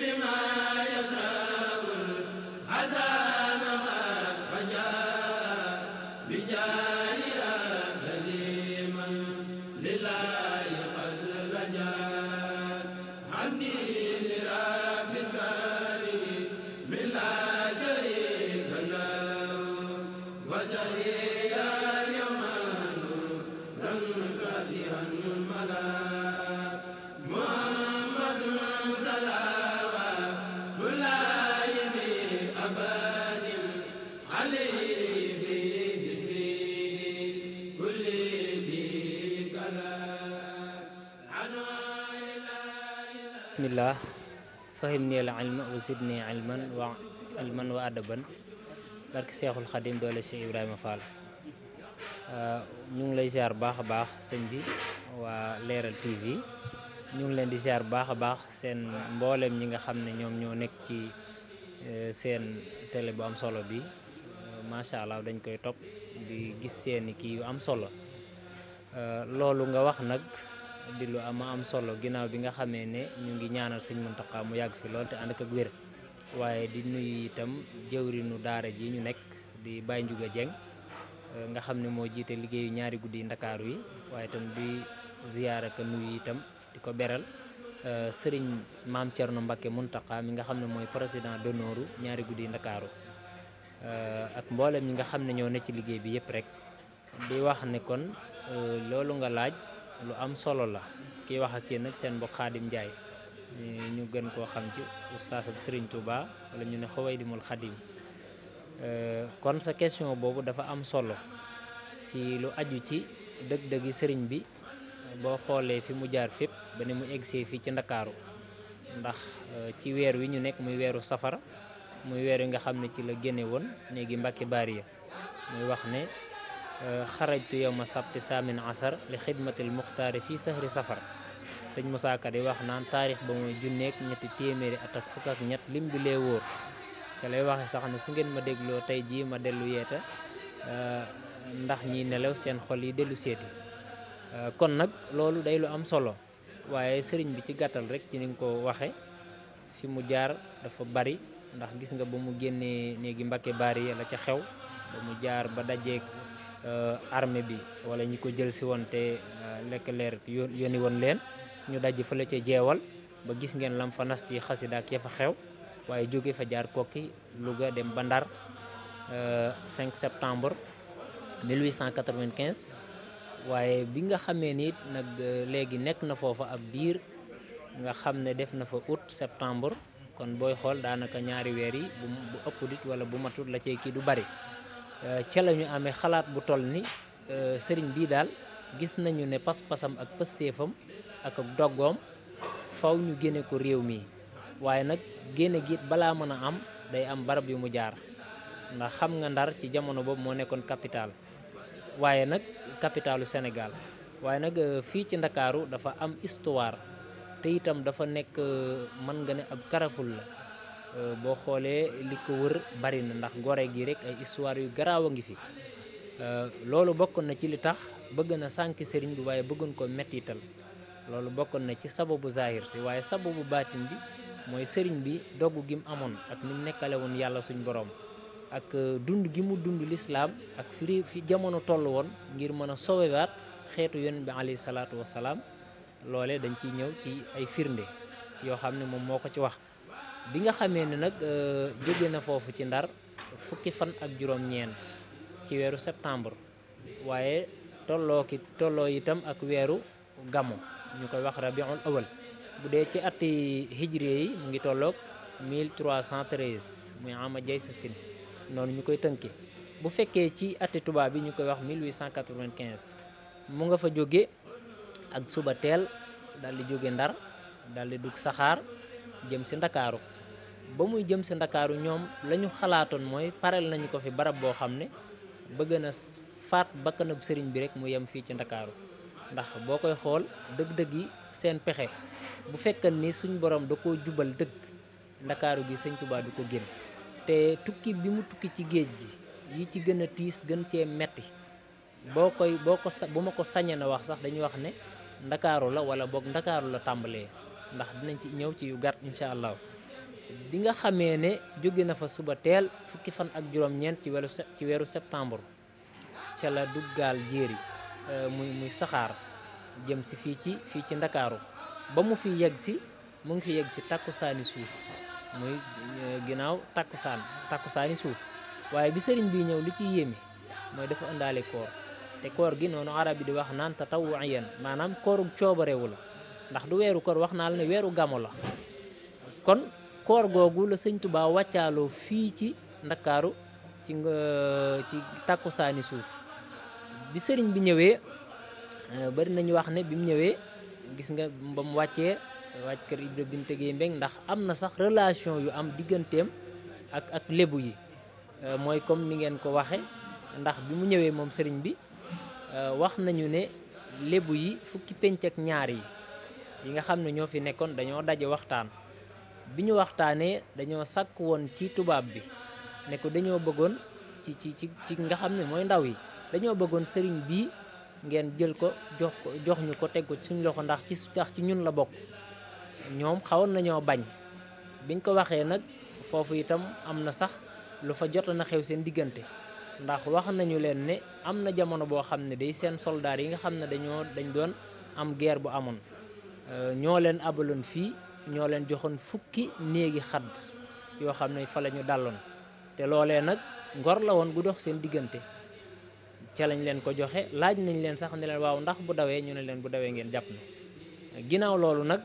bi ma fahimni al ilma wa zidni ilman wa ilman wa adaban barki seexul xadim doole Cheikh Ibrahima Fall uh, ñu ngi lay ziar baax a baax sëñ bi waa Leeral TV ñu ngi leen di ziar baax a baax seen mboolem ñi nga xam ne ñoom ñoo nekk ci uh, seen tele bu am solo bi uh, macha allah dañ koy topp di gis seeni kii yu am solo loolu nga wax nag di lu am am solo ginnaaw bi nga xamee ne ñu ngi ñaanal sëñ Muntaxa mu yàgg fi lool te ànd ak ak wér waaye di nuyu itam jëwrinu daara ji ñu nekk di Baye Ndiouga Dieng eh, nga xam ne moo jiite liggéeyu ñaari guddi yi ndakaaru yi waaye itam di ziyaara ka nuyu itam di ko beral eh, sëriñ maam Thierno Mbacke Muntaxa mi nga xam ne mooy président d'honneur ñaari guddi ndakaaru eh, ak mboolem ñi nga xam ne ñoo ne ci liggéey bi yëpp rek di wax ne loolu nga laaj lu am solo la kii wax ak yéen nag seen mbokk Xaadim Njaay ñu gën koo xam ci ustaasam Sëriñ Tuuba wala ñu ne Xawaydimul Xaadim euh, kon sa question boobu dafa am solo ci lu aju ci dëgg-dëggi sëriñ bi boo xoolee fi mu jaar fépp ba ni mu see fii ci Ndakaaru ndax euh, ci weer wi ñu nekk muy weeru safar muy weer wi nga xam ne ci la génne woon néegi Mbàkke Baari ya muy wax ne xarajtu yow ma sabti saamin asar li xidmatil muxtaari fii sahri safar sëñ Moussa Ka wax naan taarix ba mooy junneeg ñetti téeméeri at ak ñett lim bi lee wóor ca lay waxe sax ne su ngeen ma dégloo tey jii ma dellu yeeta euh, ndax ñiy nelaw seen xol yi dellu seeti euh, kon nag loolu day lu am solo waaye sëriñ bi ci gàttal rek ci ni nga ko waxe fi mu jaar dafa bari ndax gis nga ba mu génnee néegi Mbàkke Baari la ca xew ba mu jaar ba dajeeg Euh, armée bi wala ñi ko jël si woon te euh, Leclerc yónni woon leen ñu daj fa la ca jeewal ba gis ngeen lam fa nas ci xasida ya fa xew waaye jóge fa jaar kokki Louga dem ba Ndar 5 euh, septembre 1895 waaye bi nga xamee ni nag léegi nekk na foofa ab diir nga xam ne def na fa août septembre kon booy xool daanaka ñaari weer yi bu ëpp dit wala bu matut la cay kii du bari Euh, ca la ñu amee xalaat bu toll ni euh, sëriñ bii daal gis nañu ne pas-pasam ak pëstéefam ak ak doggoom faw ñu génne ko réew mi waaye nag génne gi balaa mën a am day am barab yu mu jaar ndax xam nga ndar ci jamono boobu moo nekkoon capital waaye nag capitalu Sénégal waaye nag euh, fii ci ndakaaru dafa am histoire te itam dafa nekk mën nga ne ab karaful la Euh, boo xoolee li ko wër bari na ndax gore gi rek ay histoire yu garaaw a ngi fi euh, loolu bokkoon na ci li tax bëgg na sànq sëriñ bi waaye bëggoon ko mettital loolu bokkoon na ci sababu zahir si waaye sababu baatin bi mooy sëriñ bi doggu gi mu amoon ak ni mu nekkale woon yàlla suñ borom ak euh, dund gi mu dund lislaam ak fi jamono toll woon ngir mën a sowewaat xeetu yoon bi alayhi salaatu wasalaam loole dañ ci ñëw ci ay firnde yoo xam ne moom moo ko ci wax bi nga xamee ne nag euh, jóge na foofu ci ndar fukki fan ak juróom-ñeent ci weeru septembre waaye tolloo ki tolloo itam ak weeru gamu ñu koy wax rabiul awal bu dee ci atti hijriye yi mu ngi tolloog 1313 muy ama jay sa sin noonu ñu koy tënkee bu fekkee ci atti tubaab bi ñu koy wax 1895 mu nga fa jóge ak suba teel daal di jóge ndar daal di dugg saxaar jëm si ndakaaru ba muy jëm si ndakaaru ñoom lañu xalaatoon mooy pareel nañu ko fi barab boo xam ne bëgg na faat bakkanab sëriñ bi rek mu yem fii ci ndakaaru ndax boo koy xool dëgg-dëgg yi seen pexe bu fekkan ni suñ borom da koo jubal dëgg ndakaaru gi sëñ Tuubaa du ko génn te tukki bi mu tukki ci géej gi yi ci gën a tiis gën cee metti boo koy boo ko sa bu ma ko sañee na wax sax dañuy wax ne ndakaaru la wala boog ndakaaru la tàmbalee ndax dinañ ci ñëw ci yu gàtt incha allah. bi nga xamee ne jóge na fa suba teel fukki fan ak juróom-ñeent ci weeru ci weeru septembre ca la duggaal jéeri euh, muy muy saxaar jëm si fii ci fii ci ndakaaru ba mu fi yegg si mu ngi fi yegg si saani suuf muy euh, ginnaaw takkusaan saani suuf waaye bi sëriñ bi ñëw li ci yéeme mooy dafa ëndaale koor te koor gi noonu arab yi di wax naan tatawuyan maanaam kooru coobarewu la ndax du weeru koor wax naa la ne weeru gàmmu la kon koor googu la sëñ Touba wàccaaloo fii ci Ndakaaru ci nga ci tàkkusaani suuf bi sëriñ bi ñëwee eh, bari nañu wax ne bi mu ñëwee gis nga ba mu wàccee wàcc kër Ibra Binte Gueye Mbeng ndax am na sax relation yu am digganteem ak ak lébu yi eh, mooy comme ni ngeen ko waxe ndax bi mu ñëwee moom sëriñ bi eh, wax nañu ne lébu yi fukki penc ak ñaar yi yi nga xam ne ñoo fi nekkoon dañoo daje waxtaan bi ñu waxtaanee dañoo sàkk woon ci tubaab bi ne ko dañoo bëggoon ci ci ci ci nga xam ne mooy ndaw yi dañoo bëggoon sëriñ bii ngeen jël ko jox ko jox ñu ko teg ko suñu loxo ndax ci tax ci ñun la bokk ñoom xawoon nañoo bañ bi biñ ko waxee nag foofu itam am na sax lu fa jot na xew seen diggante ndax wax nañu leen ne am na jamono boo xam ne day seen soldaar yi nga xam ne dañoo dañ doon am guerre bu amoon ñoo leen abaloon fii ñoo leen joxoon fukki néegi xadd yoo xam ne fa lañu ñu na te loolee nag ngor la woon gu dox seen diggante ca lañ leen ko joxe laaj nañ leen sax ne leen waaw ndax bu dawee ñu ne leen bu dawee ngeen jàpp na ginnaaw loolu nag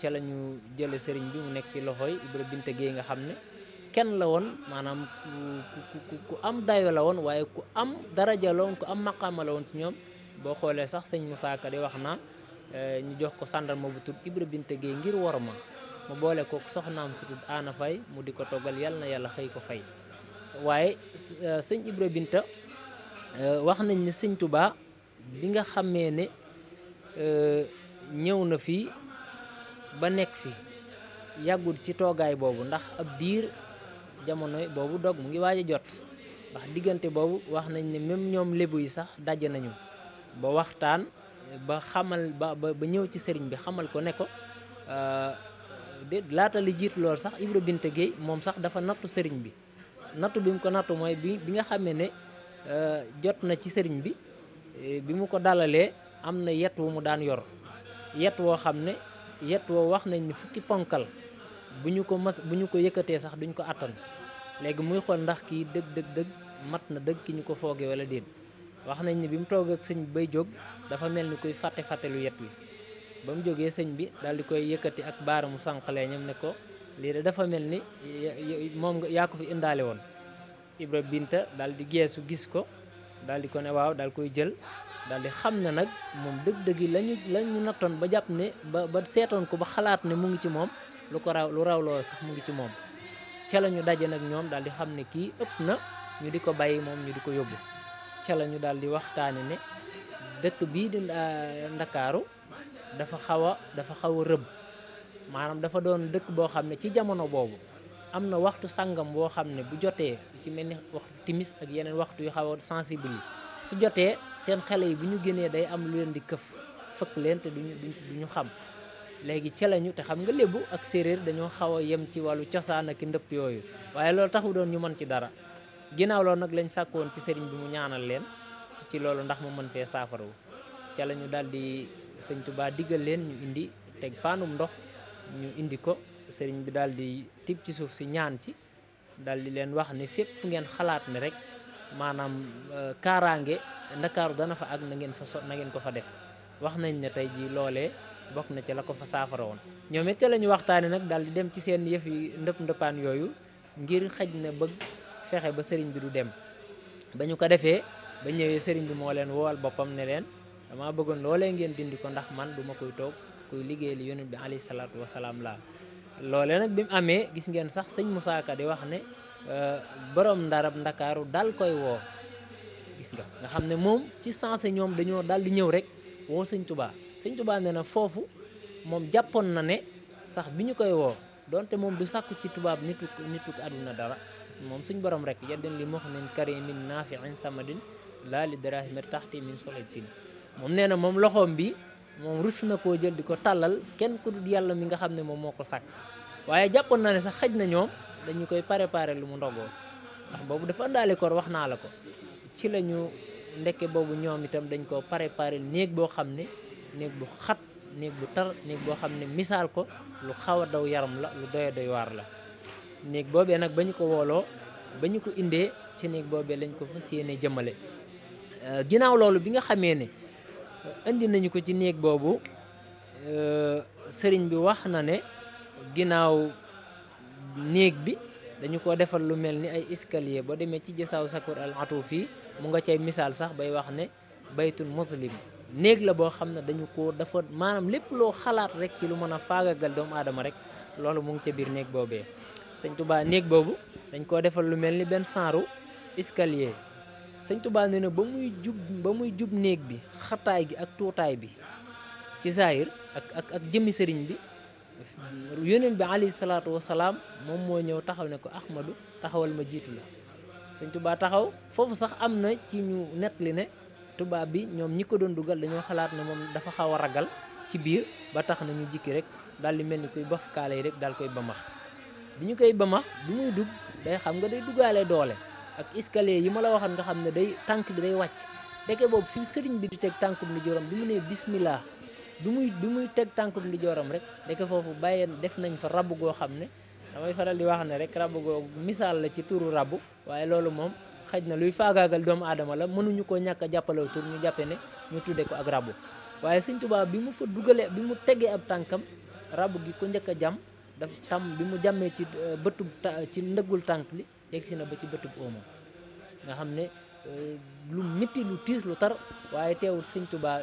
ca lañu ñu jële sëriñ bi mu nekk ci loxooy Ibra Binte Géey nga xam ne kenn la woon maanaam ku ku am dayo la woon waaye ku am daraja la woon ku am maqaama la woon ci ñoom boo xoolee sax sëñ Moussa di wax naa Eh, ñu jox ko sàndarma bu tudd Ibra Binta Gueye ngir war ma ma boole ko soxnaam su tudd Ana fay mu di ko toggal yàlla na yàlla xëy ko fay waaye eh, sëñ Ibra Binta eh, wax nañ ne sëñ Touba bi nga xamee ne ñëw na fii ba nekk fi yàggul ci toogaay boobu ndax ab diir jamono boobu dog mu ngi waaj jot ndax diggante boobu wax nañ ni même ñoom lébu yi sax daje nañu ba waxtaan ba xamal ba ba ñëw ci sëriñ bi xamal ko ne ko euh, laata li jiitu lool sax Ibra Binte Gueye moom sax dafa nattu sëriñ bi nattu bi mu ko nattu mooy bi bi nga xamee ne euh, jot na ci sëriñ bi euh, bi mu ko dalalee am na yet wu mu daan yor yet woo xam ne yet woo wax nañ ni fukki ponkal bu ñu ko mas bu ñu ko yëkkatee sax duñ ko attan léegi muy xool ndax kii dëgg dëgg dëgg mat na dëgg ki ñu ko fooge wala déet wax nañ ni bi mu toog ak sëñ bi bay jóg dafa mel ni kuy fàtte fàtte lu yet wi ba mu jógee sëñ bi daal di koy yëkkati ak baaramu sànqalee ñam ne ko lii de dafa mel ni moom yaa ko fi indaale woon Ibra Binta daal di geesu gis ko daal di ko ne waaw daal koy jël daal di xam na nag moom dëgg-dëgg lañu lañu nattoon ba jàpp ne ba ba seetoon ko ba xalaat ne mu ngi ci moom lu ko raw lu raw sax mu ngi ci moom ca la ñu daje nag ñoom daal di xam ne kii ëpp na ñu di ko bàyyi moom ñu di ko yóbbu ca la ñu daal di waxtaane ne dëkk bii di euh, ndakaaru dafa xaw a dafa xaw a rëbb maanaam dafa doon dëkk boo xam ne ci jamono boobu am na waxtu sàngam boo xam ne bu jotee ci mel ni waxtu timis ak yeneen waxtu yu xaw a sensible yi su jotee seen xale yi bu ñu génnee day am lu leen di këf fëkk leen te duñu ñu xam léegi ca lañu te xam nga lébu ak séeréer dañoo xaw a yem ci wàllu cosaan ak ndëpp yooyu waaye loolu taxu doon ñu mën ci dara ginnaaw loolu nag lañ sàkkoon ci sëriñ bi mu ñaanal leen ci ci loolu ndax mu mën fee saafarawu ca la ñu daal di sëñ Tuubaa diggal leen ñu indi teg paanum ndox ñu indi ko sëriñ bi daal di tib ci suuf si ñaan ci daal di leen wax ni fépp fu ngeen xalaat ne rek maanaam euh, kaaraange ndakaaru dana fa ak na ngeen fa so na ngeen ko fa def wax nañ ne tey jii loolee bokk na ci la ko fa saafara woon ñoom it ca la ñu nag daal di dem ci seen yëf yi ndëpp ndëppaan yooyu ngir xaj na bëgg fexe ba sëriñ bi du dem ba ñu ko defee ba ñëwee sëriñ bi moo leen woowal boppam ne leen dama bëggoon loolee ngeen dindi ko ndax man duma koy toog kuy liggéey li yonent bi alayhi salaatu wasalaam laa loolee nag bi mu amee gis ngeen sax sëñ Moussa Ka di wax ne euh, boroom ndarab ndakaaru dal koy woo gis nga nga xam ne moom ci sensé ñoom dañoo dal di ñëw rek woo sëñ Touba sëñ Touba ne na foofu moom jàppoon na ne sax bi ñu koy woo donte moom du sàkku ci tubaab moom suñ borom rek yaddan li muxnin karimin naafiin samadin laa li darahimir taxti min soxittin moom nee na moom loxoom bi moom rus na koo jël di ko tàllal kenn ku dul yàlla mi nga xam ne moom moo ko sàkk waaye jàppoon naa ne sax xaj na dañu koy préparé lu mu ndogoo boobu dafa àndaale koor wax naa la ko ci la ñu ndekke boobu ñoom itam dañ koo préparé néeg boo xam ne néeg bu xat néeg bu tar néeg boo xam ne misaal ko lu xaw a daw yaram la lu doy doy waar la néeg boobee nag ba ñu ko wooloo ba ñu ko indee ci néeg boobee lañ ko fas yéene jëmale euh, ginnaaw loolu bi nga xamee ne euh, indi nañu ko ci néeg boobu euh, sëriñ bi wax na ne ginnaaw néeg bi dañu ko defal lu mel ni ay escalier boo demee ci jësaaw sakur al atu fii mu nga cay misaal sax bay wax ne baytul muslim néeg la boo xam ne dañu ko dafa maanaam lépp loo xalaat rek ci lu mën a faagagal doomu aadama rek loolu mu ngi ca biir néeg boobee sëñ Touba néeg boobu dañ koo defal lu mel ni benn saaru escalier sëñ Touba nee ne ba muy jub ba muy jub néeg bi xataay gi ak tuutaay bi ci zaahir ak ak jëmmi sëriñ bi yoneen bi alayhi salaatu wasalaam moom moo ñëw taxaw ne ko Ahmadu taxawal ma jiitu la sëñ Touba taxaw foofu sax am na ci ñu nettali ne tubaab bi ñoom ñi ko doon dugal dañoo xalaat na moom dafa xaw a ragal ci biir ba tax na ñu jikki rek daal di mel ni kuy bof yi rek daal koy bamax bi ñu koy bëma bi muy dugg day xam nga day duggaale doole ak escalier yi ma la waxal nga xam ne day tànk bi day wàcc ndeke boobu fii sëriñ bi di teg tànku ndi joram bi mu nee bismillah du muy bi muy teg tànku ndi joram rek ndeke foofu bàyyeen def nañ fa rabb goo xam ne damay faral di wax ne rek rabb goo misaal la ci turu rabb waaye loolu moom xaj na luy faagaagal doomu aadama la mënuñu ko ñàkk a jàppalew tur ñu ne ñu tudde ko ak rabb waaye sëñ bi mu fa dugalee bi mu tegee ab tànkam rabb gi ko njëkk a jam daf tam bi mu jàmmee ci euh, bëtub ci ndëggul tànk li yegg si na ba ci bëtub oomo nga xam ne euh, lu métti lu tiis lu tar waaye teewul sëñ Tuubaa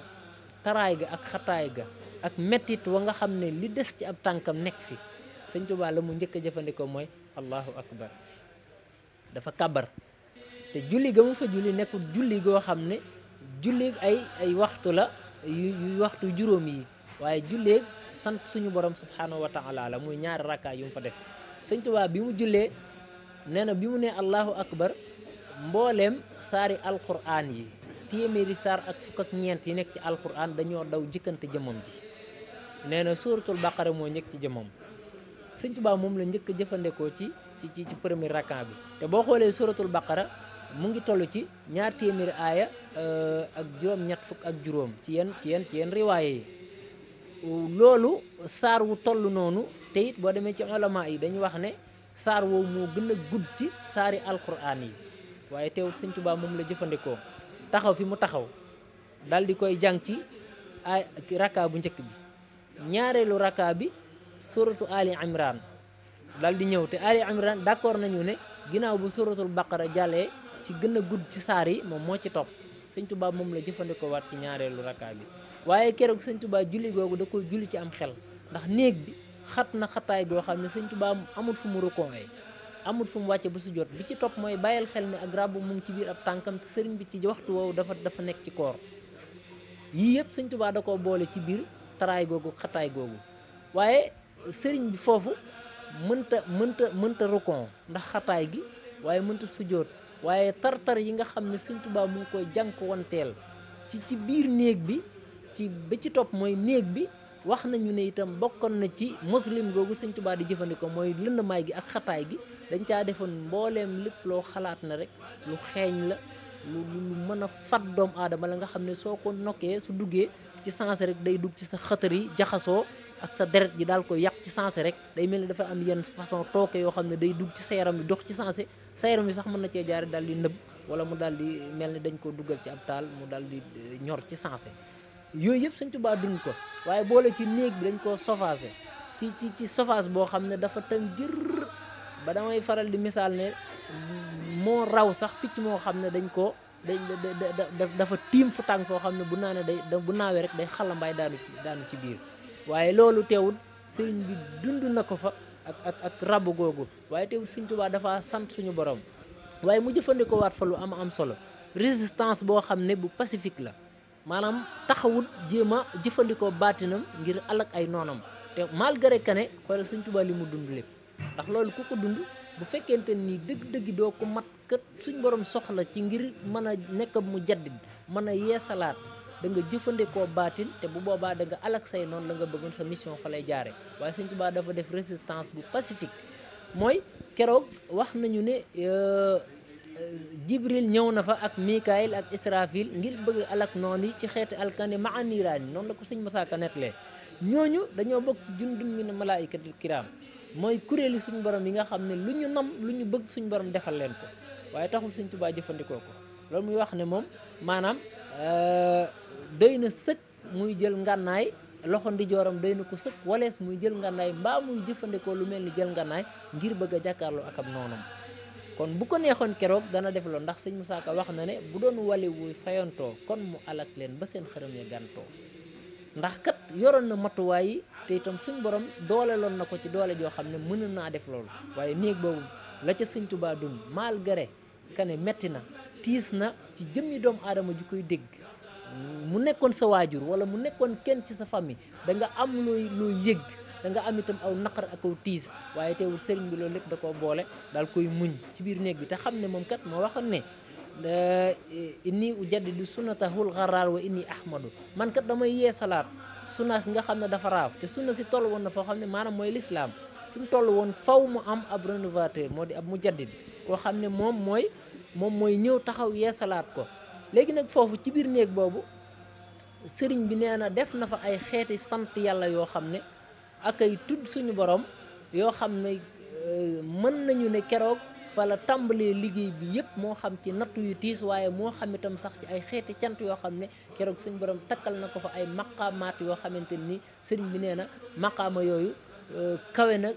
taraay ga ak xataay ga ak mettit wa nga xam ne li des ci ab tànkam nekk fi sëñ Tuubaa la mu njëkk a jëfandikoo mooy allahu akbar dafa kabar te julli ga mu fa julli nekkul julli goo xam ne julli ay ay waxtu la yu waxtu juróom yi waaye julleeg sant suñu borom subhanahu wa taala la muy ñaari rakkaa yu mu fa def sëñ bi mu jullee nee na bi mu nee allahu akbar mbooleem saari alquran yi téeméeri saar ak fukk ak ñeent yi nekk ci alquran dañoo daw jëkkante jëmam ji nee na suuratul baqara moo njëkk ci jëmam sëñ Tuubaa moom la njëkk a jëfandikoo ci ci ci ci premier rakkaa bi te boo xoolee suuratul baqara mu ngi toll ci ñaar téeméeri aaya euh, ak juróom-ñett fukk ak juróom ci yenn ci yen ci yenn riwaaye loolu saar wu toll noonu te it boo demee ci ulama yi dañu wax ne saar woowu moo gën a gudd ci saari alquran yi waaye teewul sëñ Tuubaa moom la jëfandikoo taxaw fi mu taxaw dal di koy jàng ci ay rakka bu njëkk bi ñaareelu rakka bi suratu Ali Imran dal di ñëw te Ali Imran d'accord nañu ne ginnaaw bu suratul baqara jàllee ci gën a gudd ci saar yi moom moo ci topp sëñ Tuubaa moom la jëfandikoo waat ci ñaareelu rakka bi waaye keroog sëñ tubaa julli googu da ko julli ci am xel ndax néeg bi xat na xataay goo xam ne sëñ tubaa amul fu mu reconwee amul fu mu wàcce bu su jot bi ci topp mooy bàyyil xel ne ak ràbbu mu ci biir ab tànkam te sëriñ bi ci waxtu woowu dafa dafa nekk ci koor yii yëpp sëñ tubaa da ko boole ci biir taraay googu xataay googu waaye sëriñ bi foofu mënta mënta mënta rokon ndax xataay gi waaye mënta sujoot waaye tar-tar yi nga xam ne sëñ tubaa mu ngi koy jànk wanteel ci ci biir néeg bi ci bi ci topp mooy néeg bi wax nañu ne itam bokkoon na ci muslim googu sañ Tuubaa di jëfandikoo mooy lëndamaay gi ak xataay gi dañ caa defoon mbooleem lépp loo xalaat na rek lu xeeñ la lu mën a fat doomu aadama la nga xam ne soo ko nokkee su duggee ci sens rek day dugg ci sa xëtër jaxasoo ak sa deret ji daal koy yàq ci sens rek day mel ni dafa am yenn façon tooke yoo xam ne day dugg ci sa yaram yi dox ci sens sa yaram yi sax mën na cee jaare daal di nëb wala mu daal di mel ni dañ ko duggal ci ab taal mu daal di eh, ñor ci sens yooyu yëpp sëñ Tuubaa dund ko waaye boole ci néeg bi dañ koo sofaase ci ci ci sofaas boo xam ne dafa tënk jër ba damay faral di misaal ne moo raw sax picc moo xam ne dañ ko dañ dafa tiim fu tàng foo xam ne bu naa ne day bu naawee rek day xalambaay daanu ci ci biir waaye loolu teewul sëriñ bi dund na ko fa ak ak ak rabu googu waaye teewul sëñ Tuubaa dafa sant suñu borom waaye mu jëfandikoo waat fa lu am am solo résistance boo xam ne bu pacifique la maanaam taxawut jéem a jëfandikoo baatinam ngir alak ay noonam te malgré que ne sëntubaal sëñ li mu dund lépp ndax loolu ku ko dund bu fekkente ni dëgg-dëgg doo ko mat kat suñ borom soxla ci ngir mën a nekk mu jaddid mën a yeesalaat da nga jëfandikoo baatin te bu boobaa da nga alak say noonu la nga bëggoon sa mission fa lay jaare waaye sëñ Tuubaa dafa def résistance bu pacifique mooy keroog wax nañu ne euh, Euh, jibril ñëw na fa ak mikaayil ak israfil ngir bëgg alak noon yi ci xeeti alkande ma aniraan yi noonu la ko sëñ Moussa Ka nettalee ñooñu dañoo bokk ci jundun mi ne malaayikatul kiraam mooy kuréeli suñu borom yi nga xam ne lu ñu nam lu ñu bëgg suñu borom defal leen ko waaye taxul sëñ Tuubaa jëfandikoo ko loolu muy wax ne moom maanaam euh, doy na sëkk muy jël ngànnaay loxo ndijooram doy na ko sëkk walees muy jël ngànnaay mbaa muy jëfandikoo lu mel ni jël ngànnaay ngir bëgg a jàkkaarloo ak am noonam kon bu ko neexoon keroog dana def loolu ndax sëñ Moussa Ka wax na ne bu doon wali wuy fayantoo kon mu alak leen ba seen xërëm ya gàntoo ndax kat yoroon na matuwaay yi te itam suñ borom doole loon na ko ci doole joo xam ne mën naa def loolu waaye néeg boobu la ca sëñ Tuubaa dund malgré que ne metti na tiis na ci jëmmi doomu aadama ju koy dégg mu nekkoon sa waajur wala mu nekkoon kenn ci sa famille da nga am looy looy yég danga am itam aw naqar ak aw tiis waaye teewul sëriñ bi loolu lépp da koo boole daal koy muñ ci biir néeg bi te xam ne moom kat moo waxoon ne eh, inni ujaddidu sunnatahul xaraar wa inni ahmadu man kat damay yeesalaat sunnaas nga xam ne dafa raaf te sunna si toll woon na foo xam ne maanaam mooy lislaam fi mu toll woon faw mu am ab rénovateur moo di ab mujaddid koo xam ne moom mooy moom mooy ñëw taxaw yeesalaat ko léegi nag foofu ci biir néeg boobu sëriñ bi nee na def na fa ay xeeti sant yàlla yoo xam ne ak ay tudd suñu borom yoo xam ne euh, mën nañu ne keroog fa la tàmbalee liggéey bi yëpp moo xam ci nattu yu tiis waaye moo xam itam sax ci ay xeeti cant yoo xam ne keroog suñu borom takkal na ko fa ay maqaamaat yoo xamante ni sëriñ bi nee na maqaama yooyu euh, kawe na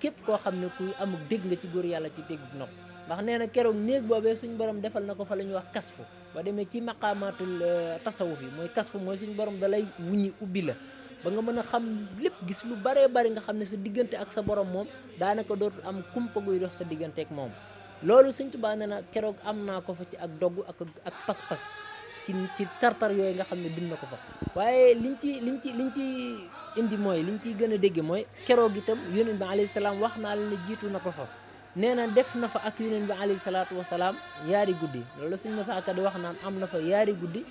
képp koo xam ne kuy amuk dégg nga ci góor yàlla ci dégg nopp ndax nee na keroog néeg boobee suñu borom defal na ko fa la ñuy wax kasfu ba demee ci maqaamaatul euh, tasawuf yi mooy kasfu mooy suñu borom da lay wuññi ubbi la. ba nga mën a xam lépp gis lu baree bari nga xam ne sa diggante ak sa borom moom daanaka dootul am kumpa guy dox sa diggante ak moom loolu sëñ Tuubaa nee na keroog am naa ko fa ci ak dogg ak ak pas-pas ci ci tartar yooyu nga xam ne dund na ko fa waaye liñ ci liñ ci liñ ci indi mooy liñ ciy gën a dégg mooy keroog itam yonent bi salaam wax naa la ne jiitu na ko fa nee na def na fa ak yonent bi alayhi wasalaam yaari guddi loolu sëñ Moussa Ka di wax naan am na fa yaari guddi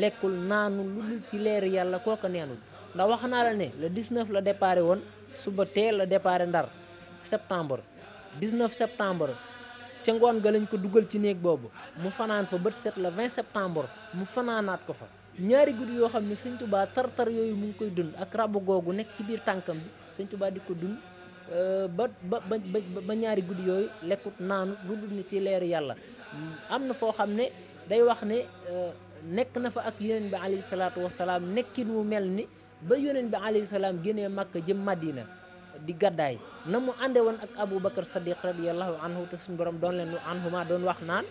lekkul naanu lu dul ci leer yàlla kooka neenul ndax wax naa la ne le 19 la déparé woon suba teel la déparé ndar septembre 19 septembre ca ngoon ga lañ ko dugal ci néeg boobu mu fanaan fa bët set la 20 septembre mu fanaanaat ko fa ñaari guddi yoo xam ne sëñ tubaa tar-tar yooyu mu ngi koy dund ak rabu googu nekk ci biir tànkam bi sëñ di ko dund euh, ba ba ba ba ñaari guddi yooyu lekkut naanu lu dul ni ci leeru yàlla am na foo xam ne day wax ne euh, nekk na fa ak yeneen bi alayhi salaatu wasalaam nekkin wu mel ni ba yonent bi alayhi salaam génnee màkk jëm Madina di gàddaay na mu ànde woon ak abu Aboubacar Sadiq radiyallahu anhu te suñu borom doon leen anhuma doon wax naan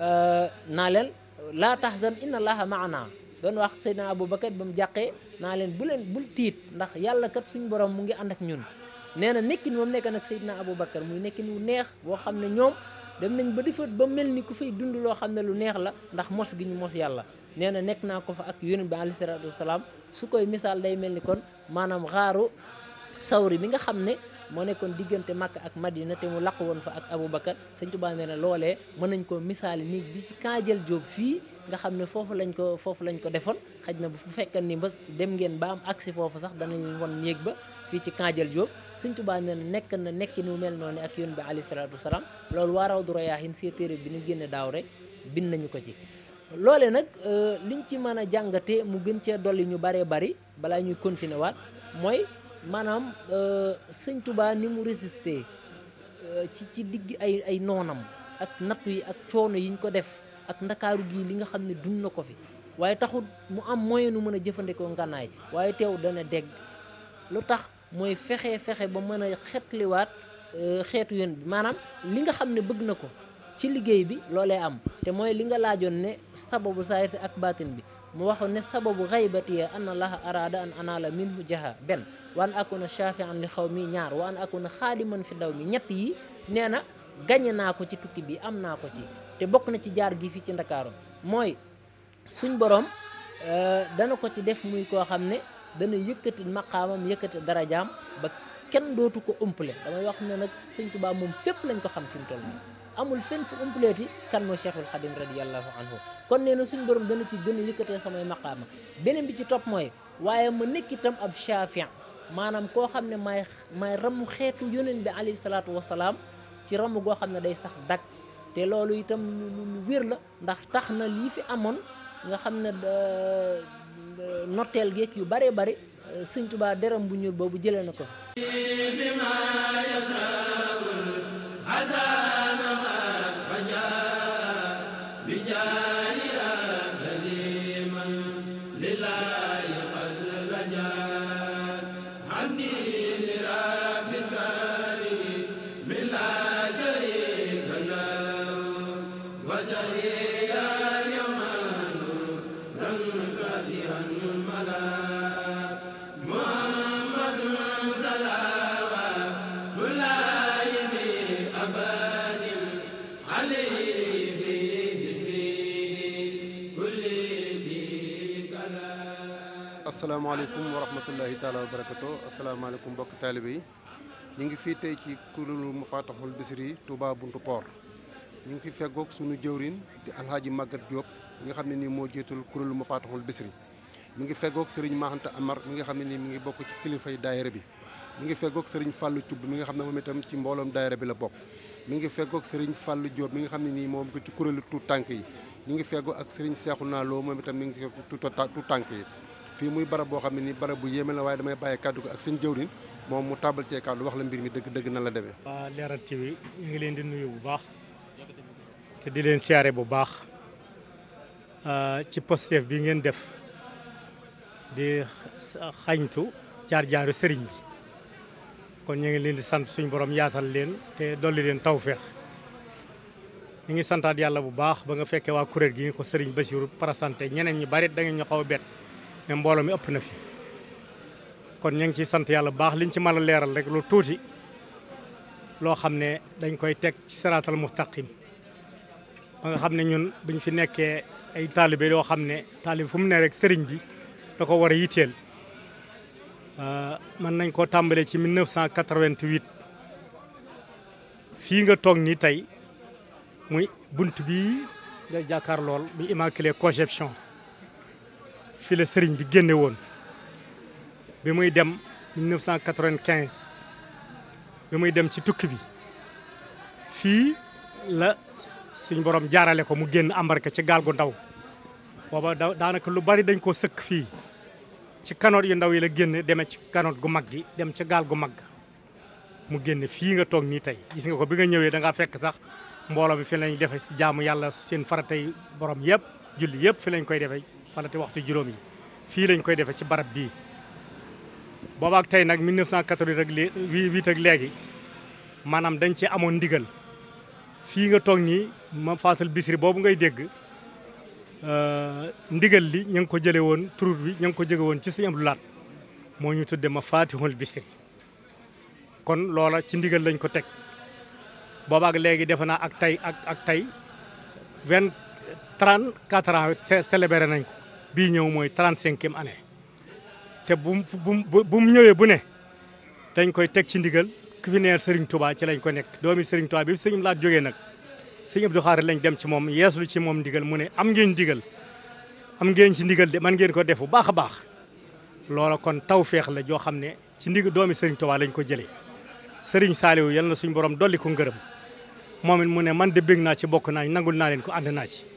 euh, naa leen laa tax tahzan inna allaha maana doon wax Seydina Aboubacar ba mu jàqee naa leen bu leen bul tiit ndax yàlla kat suñu borom mu ngi ànd ak ñun. nee na nekkin moom nekk nag Seydina Aboubacar muy nekkin wu neex woo xam ne ñoom dem nañ ba defat ba mel ni ku fay dund loo xam ne lu neex la ndax mos gi ñu mos yàlla. nee na nekk naa ko fa ak yonent bi alayhi salaatu wasalaam su koy misaal day mel ni kon maanaam xaaru sawri bi nga xam ne moo nekkoon diggante Makka ak Madina te mu laq woon fa ak Aboubacar Sëñ Tuubaa nee na loolee mën nañ koo misaali nii bi ci Kaajal Jóob fii nga xam ne foofu lañ ko foofu lañ ko defoon xaj na bu fekkee ni ba dem ngeen ba am foofu sax danañ won néeg ba fii ci Kaajal Jóob Sëñ Tuubaa nee na nekk na nekki nu mel noonu ak yoon bi alayhi salaatu wasalaam loolu waa Rawdu Rayaahin see téere bi ñu génne daaw rek bin nañu ko ci loole nag euh, liñ ci mën a jàngatee mu gën cee dolli ñu baree bari balaa ñuy continuer waat mooy maanaam euh, sëñ Touba ni mu résister euh, ci ci digg ay ay noonam ak nattu yi ak coono yiñ ko def ak ndakaaru gii li nga xam ne dund na ko fi waaye taxul mu am moyen nu mën a jëfandikoo ngànnaay waaye teew dana dégg lu tax mooy fexe fexe ba mën a xetliwaat xeetu yoon bi maanaam li nga xam ne bëgg na ko ci liggéey bi loolee am te mooy li nga laajoon ne sababu saahir si ak baatin bi mu waxoon ne sababu xaybatiya an allaha araada an anaala minhu jaha benn wa an akuna shafian li xaw mii ñaar wa an akuna xaadiman fi daw mi ñett yi nee na gañe naa ko ci tukki bi am naa ko ci te bokk na ci jaar gi fii ci ndakaaru mooy suñ borom euh, dana ko ci def muy koo xam ne dana yëkkati maqaamam yëkkati darajaam ba kenn dootu ko umpale damay wax ne nag sëñ Tuubaa moom fépp lañ ko xam fi mu amul fenn fu umpleeti kan mooy cheikhul xadim radiallahu anhu kon nee na suñu borom dana ci gën a yëkkatee samay maqaama beneen bi ci topp mooy waaye ma nekk itam ab chafia maanaam koo xam ne maay maay ramu xeetu yonent bi alayhi salaatu wasalaam ci ramu goo xam ne day sax dag te loolu itam lu wér la ndax tax na lii fi amoon nga xam ne notteel geeg yu bare bare sëñ Tuubaa deram bu ñuul boobu jëlee na ko fi asalaamaaleykum wa rahmatullahi taala wa barakato asalaamaaleykum mbokk taalibe yi ñu ngi fi tey ci kuréelu Mafatihoul Bichri Touba Buntu Port ñu ngi fi feggoog sunu jëwrin di alhaaji màgget Diop mi nga xam ne nii moo jiital kuréelu Mafatihoul Bichri mi ngi feggoog sëriñ Mahanta Amar mi nga xam ne nii mi ngi bokk ci kilifay daayira bi mu ngi feggoog sëriñ Fallou Thioub mi nga xam ne moom itam ci mbooloom daayira bi la bokk mi ngi feggoog sëriñ Fallou Diop mi nga xam ne nii moom ko ci kuréelu tuut tànk yi mu ngi feggoog ak sëriñ Cheikhouna Lo moom itam mi ngi feggoog tuut tànk yi fii muy barab boo xam ne nii barab bu yéeme la waaye damay bàyyi kàddu ko ak seen jëwrin moom mu tabal cee kàddu wax la mbir mi dëgg dëgg na la demee. waa Leral TV ñu ngi leen di nuyu bu baax te di leen siyaare bu baax euh, ci Pastef bi ngeen def di xañtu jaar sëriñ kon ñu ngi leen di sant suñu borom yaatal leen te dolli leen tawféex ñu ngi santaat yàlla bu baax ba nga fekkee waa kuréel gi ñu ko sëriñ Basiru parasante ñeneen ñi bari da ngeen ñu xaw a bett. mais mbooloo mi ëpp na fi kon ñu ngi ciy sant yàlla bu baax liñ ci mën a leeral rek lu tuuti loo xam ne dañ koy teg ci siraatal mustaqim ba nga xam ne ñun buñ fi nekkee ay taalibe yoo xam ne taalibe fu mu ne rek sëriñ bi da ko war a yitteel ah, mën nañ koo tàmbalee ci 1988 fii nga toog nii tey muy bunt bi nga jàkkaar lool muy Immaculée Conception fi la sëriñ bi génne woon bi muy dem 1995 bi muy dem ci tukki bi fii la suñ borom jaarale ko mu génn ambarke ci gaal gu ndaw booba daanaka lu bari dañ koo sëkk fii ci kanoot yu ndaw yi la génn deme ci kanoot gu mag gi dem ci gaal gu mag mu génn fii nga toog nii tey gis nga ko bi nga ñëwee da ngaa fekk sax mbooloo bi fi lañ defee si jaamu yàlla seen faratay borom yëpp julli yëpp fi lañ koy defee farati waxtu juróom yi fii lañ koy defee ci barab bii boobaak tey nag 1988 ak léegi maanaam dañ ci amoon ndigal fii nga toog nii ma faasul bisri boobu ngay dégg euh, ndigal li ñu ngi ko jële woon turut bi ñu ngi ko jëge woon ci Sëñ Abdou Lahat moo ñu tudde ma faatihul bisri kon loola ci ndigal lañ ko teg boobaak léegi defe naa ak tey ak ak tey vingt trente quatre ans nañ ko bii ñëw mooy trente cinquième année te bu bu bu mu ñëwee bu ne dañ koy teg ci ndigal ki fi neer Serigne ci lañ ko nekk doomi Serigne Touba bi sëñ laat jógee nag sëñ Abdou lañ dem ci moom yeeslu ci moom ndigal mu ne am ngeen am ngeen ci de man ngeen ko def bu baax a baax loolo kon taw feex la joo xam ne ci ndigal doomi Serigne Touba lañ ko jëlee Serigne Saliou yal na suñ borom dolli ko ngërëm moom it mu ne man de bég naa ci bokk naa nangul naa leen ko ànd naa ci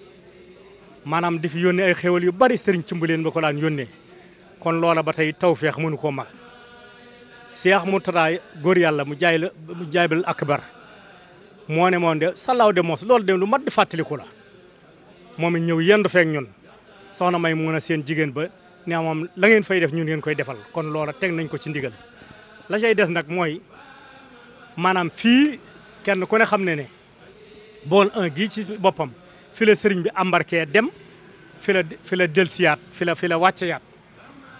maanaam di fi yónnee ay xéwal yu bari sëriñ cumbaleen ba ko daan yónnee kon loola ba tey taw tawféex mënu koo mag mu Mourtada góor yàlla mu jaay la mu jaaybal akbar moo ne moom de salaaw de moos loolu de lu mat di fàttaliku la moom it ñëw yendu feek ñun soxna may mun a seen jigéen ba ne moom la ngeen fay def ñun ngeen koy defal kon loola teg nañ ko ci ndigal la cay des nag mooy maanaam fii kenn ku ne xam ne ne bool un gii ci boppam fi la sëriñ bi embarqué dem fi la fi la delsiyaat fi la fi la wàcce yaat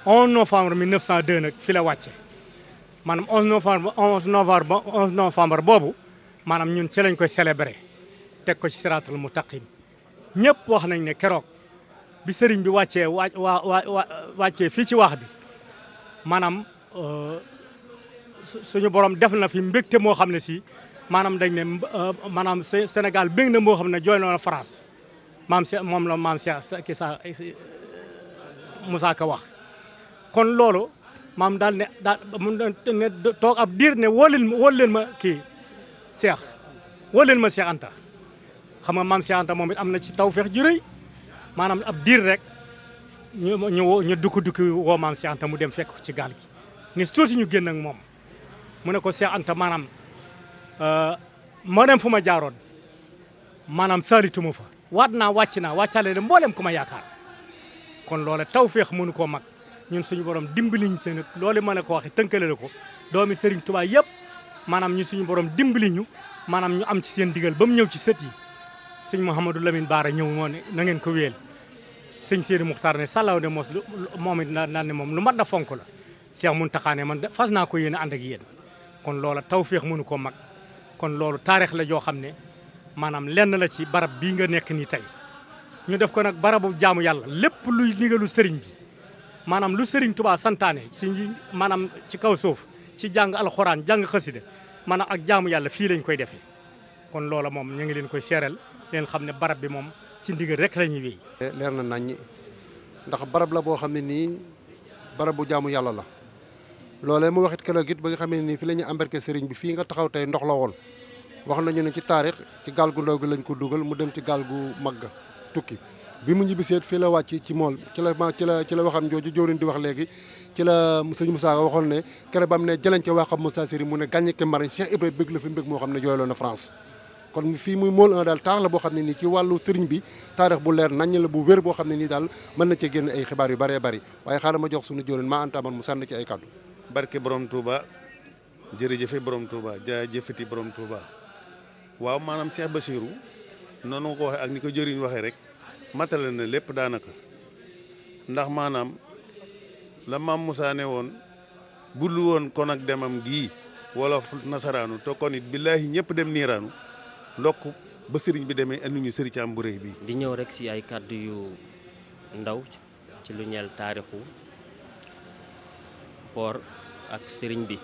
11 novembre 1902 nag fi la wàcce maanaam 11 novembre 11 novembre 11 novembre boobu maanaam ñun ci lañ koy célébrer teg ko ci siraatul mustaqim ñëpp wax nañ ne keroog bi sëriñ bi wàccee waa waa wàccee fii ci wax bi maanaam euh, suñu borom def na fi mbégte moo xam ne si maanaam dañ ne euh, maanaam Sénégal bëgg na moo xam ne jooy na France maam Cheikh moom la maam Cheikh ki sa Moussa wax. kon loolu maam daal ne daal ne toog ab diir ne woo ma woo leen ma kii Cheikh woo leen Anta xam nga maam moom it am na ci tawfeex ju rëy maanaam ab diir rek ñu ñu ñu dukki dukki woo maam Cheikh mu dem fekk ci gaal gi. ni surtout ñu génn ak moom mu ne ko Cheikh Anta maanaam. Euh, moo dem fu ma jaaroon maanaam saalituma fa waat naa wàcc naa wàccaale de mboolem ku ma yaakaar kon loola taw féex mënu koo mag ñun suñu borom dimbaliñ te nag loolu ma ne ko waxe tënkale la ko doomi Serigne Touba yëpp maanaam ñu suñu borom dimbaliñu maanaam ñu am ci seen digal ba mu ñëw ci sët yi sëñ Mouhamadou Lamine Baara ñëw moo ne na ngeen ko wéel sëñ Seydou Muxtaar ne sàllaw de moos moom it naan ne moom lu mat da fonk la Cheikh Mountakha ne man fas naa ko yéen a ànd ak yéen mënu koo mag kon loolu taarix la joo xam ne maanaam lenn la ci barab bii nga nekk nii tey ñu def ko nag barabu jaamu yàlla lépp luy ndigalu sëriñ bi maanaam lu sëriñ tubaa santaane ci maanaam ci kaw suuf ci jàng alxuraan jàng xasida maanaam ak jaamu yàlla fii lañ koy defee kon loola moom ñu ngi leen koy seeral leen xam ne barab bi moom ci ndigal rek la ñuy wéy leer na nañ ndax barab la boo xam ne nii barabu jaamu yàlla la loolee mu waxit keroog it ba nga xamee ni fi la ñu embarqué sëriñ bi fii nga taxaw tey ndox la woon wax nañu ne ci taarix ci gaal gu ndaw gi lañ ko dugal mu dem ci gaal gu mag tukki bi mu ñibbiseet fii la wàcc ci mool ci la ci la ci la waxam jooju jëwriñ di wax léegi ci la sëñ Moussa waxoon ne keroog ba am ne jëlañ ca waxam Moussa Siri mu ne gàññe ke marañ Cheikh Ibrahima bëgg la fi mbëgg moo xam ne jooyloo na France kon fii muy mool 1 daal taarix la boo xam ne nii ci wàllu sëriñ bi taarix bu leer nañ la bu wér boo xam ne nii daal mën na cee génn ay xibaar yu bëree bëri waaye xaaral ma jox suñu jëwriñ maa antaman mu sànn ci ay kàddu barke borom Touba jërëjëfe borom Touba jaajëfati borom Touba waaw maanaam Cheikh Bassirou noonu nga ko waxee ak ni ko jëriñ waxee rek matale na lépp daanaka ndax maanaam la maam Moussa ne woon bul woon kon ak demam gi wolof nasaraanu te kon it billaahi ñëpp dem niiraanu ndokk ba sëriñ bi demee andi ñu sëriñ bu réy bi di ñëw rek si ay kàddu yu ndaw ci lu ñeel taarixu port ak sëriñ bi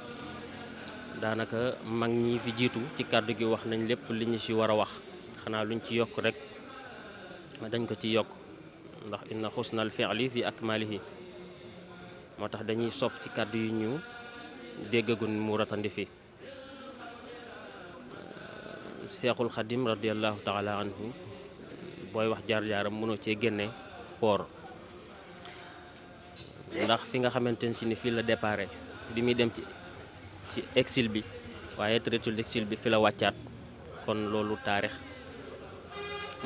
daanaka mag ñi fi jiitu ci kàddu gi wax nañ lépp li ñu ci war a wax xanaa luñ ci yokk rek dañ ko ci yokk ndax inna xusnal fi'li fi akmalihi moo tax dañuy sof ci kàddu yu ñu déggagun mu ratandi fi seexul xadim radiallahu taala anhu booy wax jaar-jaaram mënoo cee génne poor ndax fi nga xamante ne si ni fii la déparé bi muy dem ci ci exil bi waaye traitul exil bi fi la wàccaat kon loolu taarix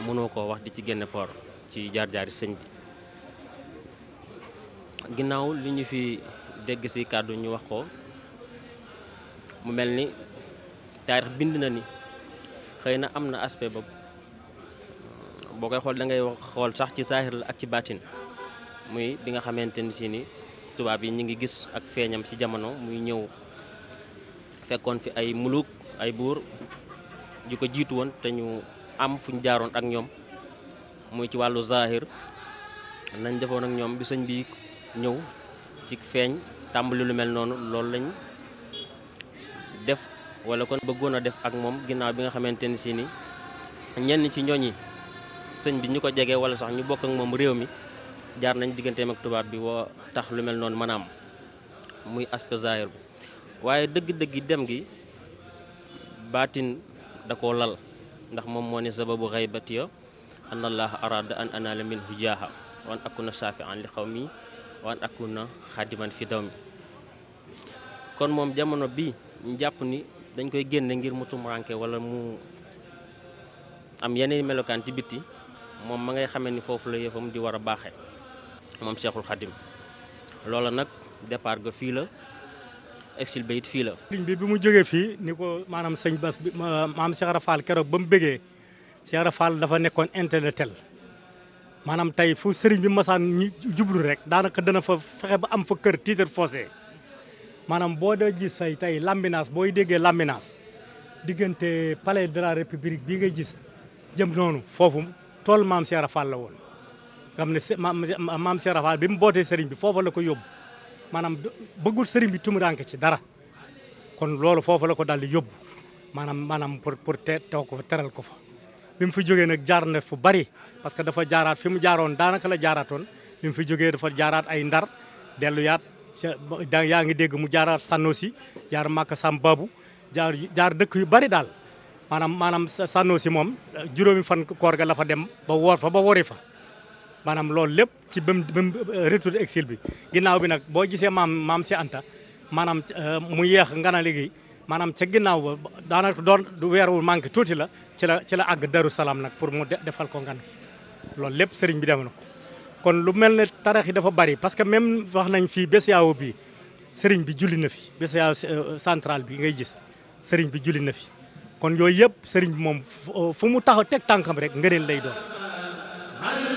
mënoo ko wax di ci génne port ci jaar-jaari sëñ bi ginnaaw li ñu fi dégg si kàddu ñu wax ko mu mel ni taarix bind na ni xëy na am na aspect boobu boo koy xool da ngay xool sax ci saahir la ak ci baatin muy bi nga xamante ni ni tubaab yi ñu ngi gis ak feeñam ci jamono muy ñëw fekkoon fi ay muluk ay buur ju ko jiitu woon te ñu am fuñ jaaroon ak ñoom muy ci wàllu zahir nañ defoon ak ñoom bi sëñ bi ñëw ci feeñ tàmbali lu mel noonu loolu lañ def wala kon bëggoon a def ak moom ginnaaw bi nga xamante ni si ni ñenn ci ñooñi sëñ bi ñu ko jege wala sax ñu bokk ak moom réew mi jaar nañ digganteem ak tubaab bi woo tax lu mel noonu manaam muy aspect zahir bi waaye dëgg-dëgg dem gi baatin da koo lal ndax moom moo ne sababu xaybati ya an allah arada an anaala minhu jaaha waan akuna shafian li xaw mi waan akuna xadiman fi daw mi kon moom jamono bi ñu jàpp ni dañ koy génne ngir mu tumuranke wala mu am yeneen melokaan ci moom ma ngay xamee ni foofu la yëfam di war a baaxee moom Cheikhul Khadim loola nag départ ga fii la exil ba it fii la. bi bi mu jógee fii ni ko maanaam sëñ Bass bi maam Cheikh Rafal keroog ba mu bëggee Cheikh Rafal dafa nekkoon intellectuel maanaam tey fu sëriñ bi masaan ñi jublu rek daanaka dana fa fexe ba am fa kër titre foncier maanaam boo dee gis say tey Lambinaas booy déggee Lambinaas diggante pale de la république bii ngay gis jëm noonu foofu tool maam Cheikh Rafal la woon. nga xam ne maam Cheikh Rafal bi mu bootee sëriñ bi foofa la ko yóbbu maanaam bëggul sëriñ bi tumuranke ci dara kon loolu foofa la ko daal di yóbbu maanaam maanaam pour pour te taw ko fa teral ko fa bi mu fi jógee nag jaar na fu bari parce que dafa jaaraat fi mu jaaroon daanaka la jaaraatoon bi mu fi jógee dafa jaaraat ay ndar dellu yaat da yaa ngi dégg mu jaaraat Sanosi jaar Màkka Sam Babu jaar jaar dëkk yu bari daal maanaam maanaam Sanosi moom juróomi fan koor ga lafa dem ba woor fa ba wori fa maanaam loolu lépp ci ba mu retour exil bi ginnaaw bi nag boo gisee maam maam si Anta maanaam euh, mu yeex nga na léegi maanaam ca ginnaaw ba daanaka doon du weer wu manqué tuuti la ci la ci la àgg Darou Salaam nag pour mu defal ko ngan gi loolu lépp sëriñ bi dem na ko. kon lu mel ne tarax yi dafa bari parce que même wax nañ fii BCEAO bi sëriñ bi julli na fi BCEAO euh, centrale bi ngay gis sëriñ bi julli na fi kon yooyu yëpp sëriñ bi moom fu mu tax teg tànkam rek ngëneel lay doon.